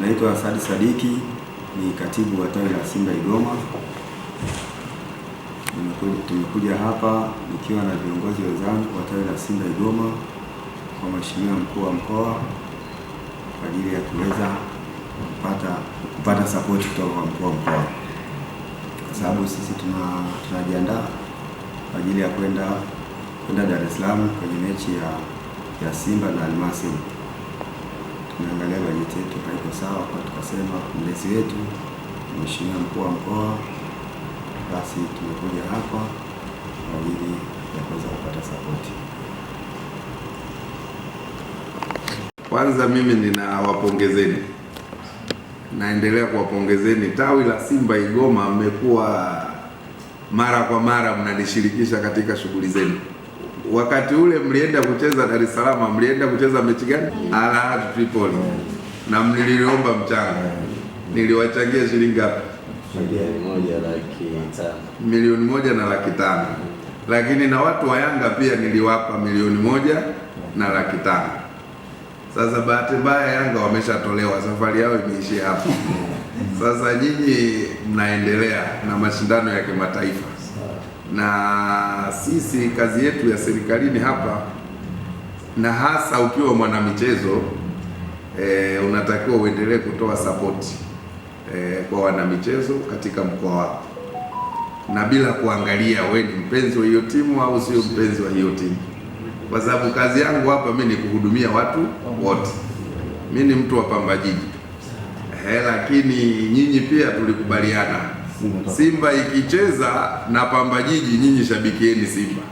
Naitwa sadi Sadiki, ni katibu wa tawi la Simba Igoma. Tumekuja hapa nikiwa na viongozi wenzangu wa tawi la Simba Igoma kwa mheshimiwa mkuu wa mkoa kwa ajili ya kuweza kupata kupata sapoti kutoka kwa mkuu wa mkoa, kwa sababu sisi tuna tunajiandaa kwa ajili ya kwenda kwenda Dar es Salaam kwenye mechi ya ya Simba na Almasi tunaangalia bajeti yetu haiko sawa, kwa tukasema mlezi wetu Mheshimiwa mkuu wa mkoa, basi tumekuja hapa kwa ajili ya kuweza kupata sapoti. Kwanza mimi ninawapongezeni, naendelea kuwapongezeni. Tawi la Simba Igoma, mmekuwa mara kwa mara mnanishirikisha katika shughuli zenu. Wakati ule mlienda kucheza Dar es Salaam, mlienda kucheza mechi gani? Al Tripoli, na mliliomba mchanga, niliwachangia shilingi ngapi? Milioni moja na laki tano, lakini na watu wa Yanga pia niliwapa milioni moja na laki tano. Sasa bahati mbaya Yanga wameshatolewa, safari yao imeishia hapo. Sasa nyinyi mnaendelea na mashindano ya kimataifa na sisi kazi yetu ya serikalini hapa, na hasa ukiwa mwanamichezo e, unatakiwa uendelee kutoa sapoti e, eh, kwa wanamichezo katika mkoa wako, na bila kuangalia wewe ni mpenzi wa hiyo timu au sio mpenzi wa hiyo timu, kwa sababu kazi yangu hapa mimi ni kuhudumia watu wote. Mimi ni mtu wa Pamba Jiji, eh, lakini nyinyi pia tulikubaliana Simba ikicheza na Pamba Jiji, nyinyi shabikieni Simba,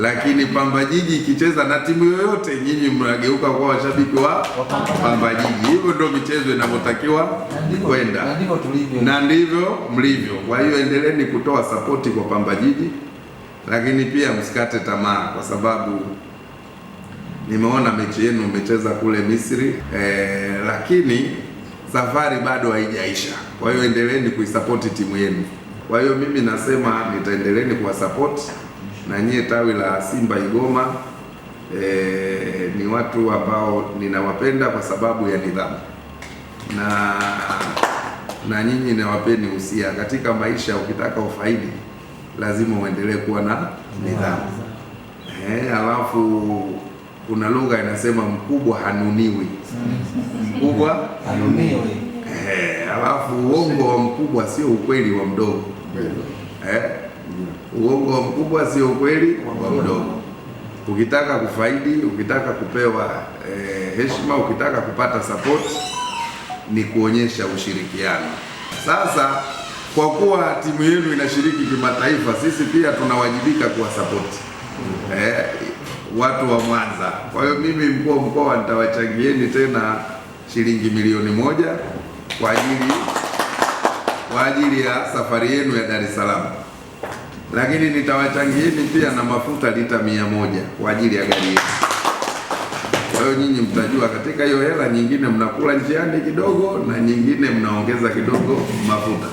lakini Pamba Jiji ikicheza na timu yoyote, nyinyi mnageuka kwa washabiki wa Pamba Jiji. Hivyo ndio michezo inavyotakiwa kwenda, na ndivyo mlivyo. Kwa hiyo endeleeni kutoa sapoti kwa Pamba Jiji, lakini pia msikate tamaa, kwa sababu nimeona mechi yenu umecheza kule Misri eh, lakini safari bado haijaisha. Kwa hiyo endeleeni kuisapoti timu yenu. Kwa hiyo mimi nasema nitaendeleeni kuwasapoti na nyie, tawi la Simba Igoma e, ni watu ambao ninawapenda kwa sababu ya nidhamu na na nyinyi nawapeni usia katika maisha, ukitaka ufaidi lazima uendelee kuwa na nidhamu eh. Alafu kuna lugha inasema mkubwa hanuniwi, mkubwa hanuniwi eh, alafu uongo wa mkubwa sio ukweli wa mdogo eh? Uongo wa mkubwa sio ukweli wa mdogo. Ukitaka kufaidi, ukitaka kupewa eh, heshima, ukitaka kupata support ni kuonyesha ushirikiano. Sasa kwa kuwa timu yenu inashiriki kimataifa, sisi pia tunawajibika support eh, watu wa Mwanza. Kwa hiyo mimi mkuu wa mkoa nitawachangieni tena shilingi milioni moja kwa ajili kwa ajili ya safari yenu ya Dar es Salaam, lakini nitawachangieni pia na mafuta lita mia moja kwa ajili ya gari yetu. Kwa hiyo nyinyi mtajua katika hiyo hela, nyingine mnakula njiani kidogo na nyingine mnaongeza kidogo mafuta.